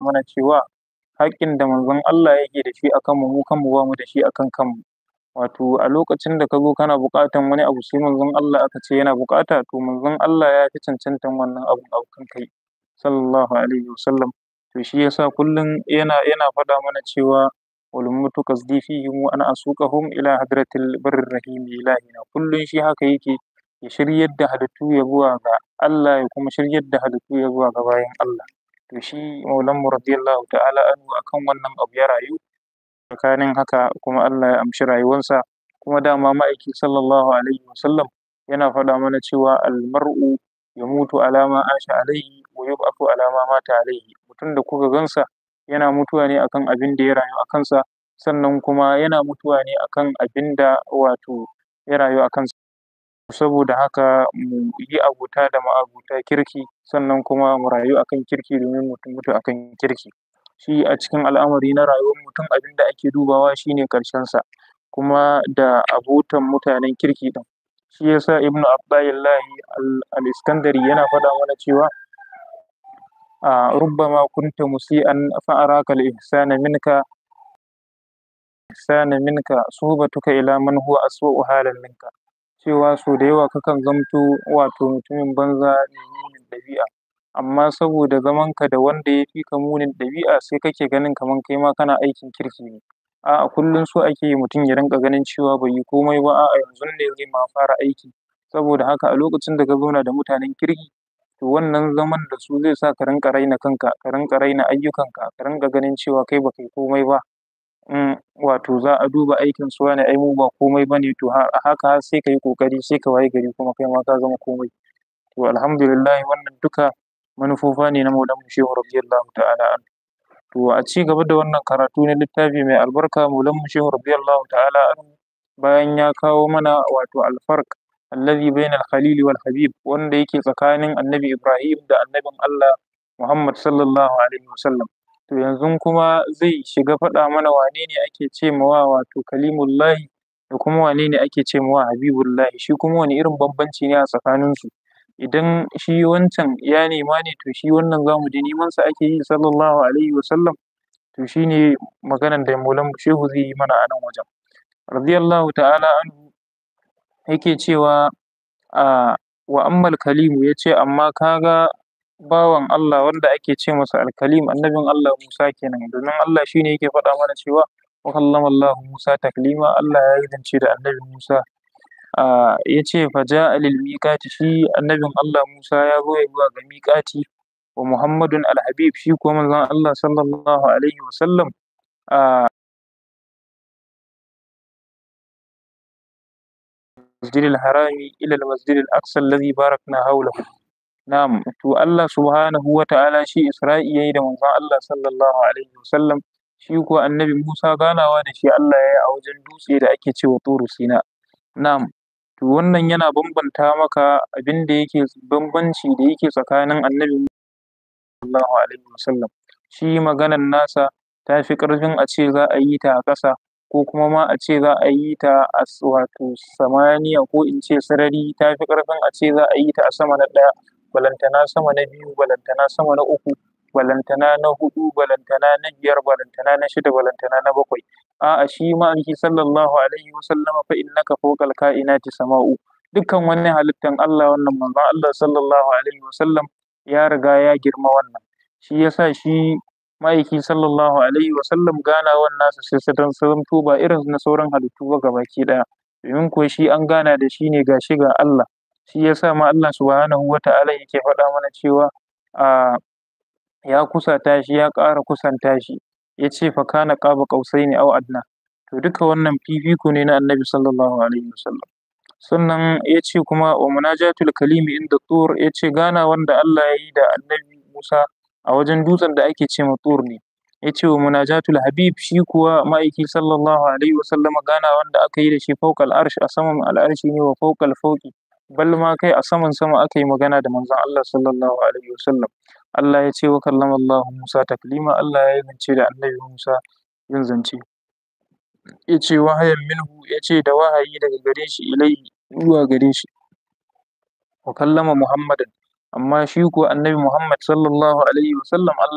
mana cewa haƙƙin da manzon Allah yake da shi a kanmu mu kanmu ba mu da shi a kan kanmu. Wato a lokacin da ka zo kana buƙatan wani abu sai manzon Allah aka ce yana buƙata to manzon Allah ya fi cancantan wannan abu a kan kai sallallahu alaihi wasallam. To shi yasa kullum yana yana faɗa mana cewa wal mutu qasdi fihim wa ana asuqahum ila hadratil barin rahim ilahina kullum shi haka yake ya shiryar da halittu ya zuwa ga Allah ya kuma shiryar da halittu ya zuwa ga bayan Allah. to shi maulan mu radiyallahu ta'ala anhu akan wannan abu ya rayu tsakanin haka kuma Allah ya amshi rayuwarsa kuma dama ma'aiki sallallahu alaihi wasallam yana faɗa mana cewa almar'u ya mutu alama asha alaihi wa yub'atu alama mata alaihi mutum da kuka gansa yana mutuwa ne akan abin da ya rayu a kansa sannan kuma yana mutuwa ne akan abin da wato ya rayu a kansa saboda haka mu yi abota da ma'abuta kirki sannan kuma mu rayu akan kirki domin mu mutu akan kirki shi a cikin al'amari na rayuwar mutum abin da ake dubawa shine karshen sa kuma da abotan mutanen kirki ɗin shi yasa ibnu abba'illahi al-iskandari yana faɗa mana cewa a rubbama kunta musi'an fa araka al-ihsana minka ihsana minka subatuka ila man huwa halan minka cewa sau da yawa kakan zamto wato mutumin banza mai munin ɗabi'a, amma saboda zamanka da wanda ya fi ka munin ɗabi'a sai kake ganin kamar kai ma kana aikin kirki ne. A'a kullum so ake yi mutum ya rinƙa ganin cewa bai yi komai ba, a'a yanzun ne zai ma fara aiki. Saboda haka a lokacin da ka zauna da mutanen kirki, to wannan zaman da su zai sa ka rinƙa raina kanka, ka rinƙa raina ayyukanka, ka rinƙa ganin cewa kai ba kai komai ba. wato za a duba aikin su wane ai mu ba komai ba ne, to a haka har sai ka yi ƙoƙari, sai ka waye gari kuma kai ma ka zama komai to alhamdulillah wannan duka manufofa ne na Maulana Shehu radiyallahu ta'ala an to a ci gaba da wannan karatu na littafi mai albarka Maulana Shehu radiyallahu ta'ala an bayan ya kawo mana wato alfarq allazi baina al-khalil wal habib wanda yake tsakanin annabi Ibrahim da annabin Allah Muhammad sallallahu alaihi wasallam to yanzu kuma zai shiga faɗa mana wane ne ake ce mawa wato kalimullahi da kuma wane ne ake ce mawa habibullahi shi kuma wane irin bambanci ne a tsakanin su idan shi wancan ya nema ne to shi wannan zamu ji neman sa ake yi sallallahu alaihi wa sallam, to shi ne maganan da maulana shehu zai yi mana a nan wajen radiyallahu ta'ala anhu yake cewa a ah, wa ammal kalimu yace amma ga. bawan Allah wanda ake ce masa alkalim annabin Allah Musa kenan domin Allah shi ne yake faɗa mana cewa wa Musa taklima Allah ya yi zance da annabi Musa ya ce fa ja'a lil miqati shi annabin Allah Musa ya zo ya zuwa ga miqati wa Muhammadun al-Habib shi kuma manzon Allah sallallahu alaihi wa sallam المسجد الحرام إلى المسجد الأقصى الذي باركنا حوله Na'am, to Allah subhanahu wa ta'ala shi Isra'i yayi da manzon Allah sallallahu alaihi wasallam shi ko annabi Musa ganawa da shi Allah yayi a wajen dutse da ake cewa Turu Sina. Na'am, to wannan yana bambanta maka abin da yake bambanci da yake tsakanin annabi sallallahu alaihi wasallam. Shi maganar nasa ta fi ƙarfin a ce za a yi ta a ƙasa ko kuma ma a ce za a yi ta a wato samaniya ko in ce sarari ta fi ƙarfin a ce za a yi ta a sama na ɗaya balantana sama na biyu balantana sama na uku balantana na hudu balantana na biyar balantana na shida balantana na bakwai a'a shi ma'aiki sallallahu alaihi wa sallam fa innaka fawqal kainati sama'u dukkan wani halittan Allah wannan manzon Allah sallallahu alaihi wa sallam ya riga ya girma wannan shi yasa shi ma'aiki sallallahu alaihi wa sallam gana wannan sai sai dan sauran tuba irin na sauran halittu ba gabaki daya domin ko shi an gana da shi ne gashi ga Allah shi ya sa ma Allah subhanahu wata'ala yake faɗa mana cewa a ya kusa tashi, ya ƙara kusan tashi, ya ce fa kana ƙausai ne au adna to duka wannan fifiko ne na Annabi sallallahu alaihi wasallam sannan ya ce kuma wa munajatul kalimi inda tur ce gana wanda Allah ya yi da Annabi Musa a wajen dutsen da ake ce ma tur ne ce wa munajatul habib shi kuwa ma'aiki sallallahu alaihi wasallam gana wanda aka yi da shi Fokal arsh a saman al'arshi ne wa fawqal fawqi balma kai a saman sama aka yi magana da manzon Allah sallallahu alaihi wasallam Allah ya ce wa kallama Allah Musa taklima Allah ya yi zance da annabi Musa yin zance ya ce wahayan minhu ya ce da wahayi daga gare shi ilai zuwa gare shi wa kallama Muhammadan amma shi ko annabi Muhammad sallallahu alaihi wasallam Allah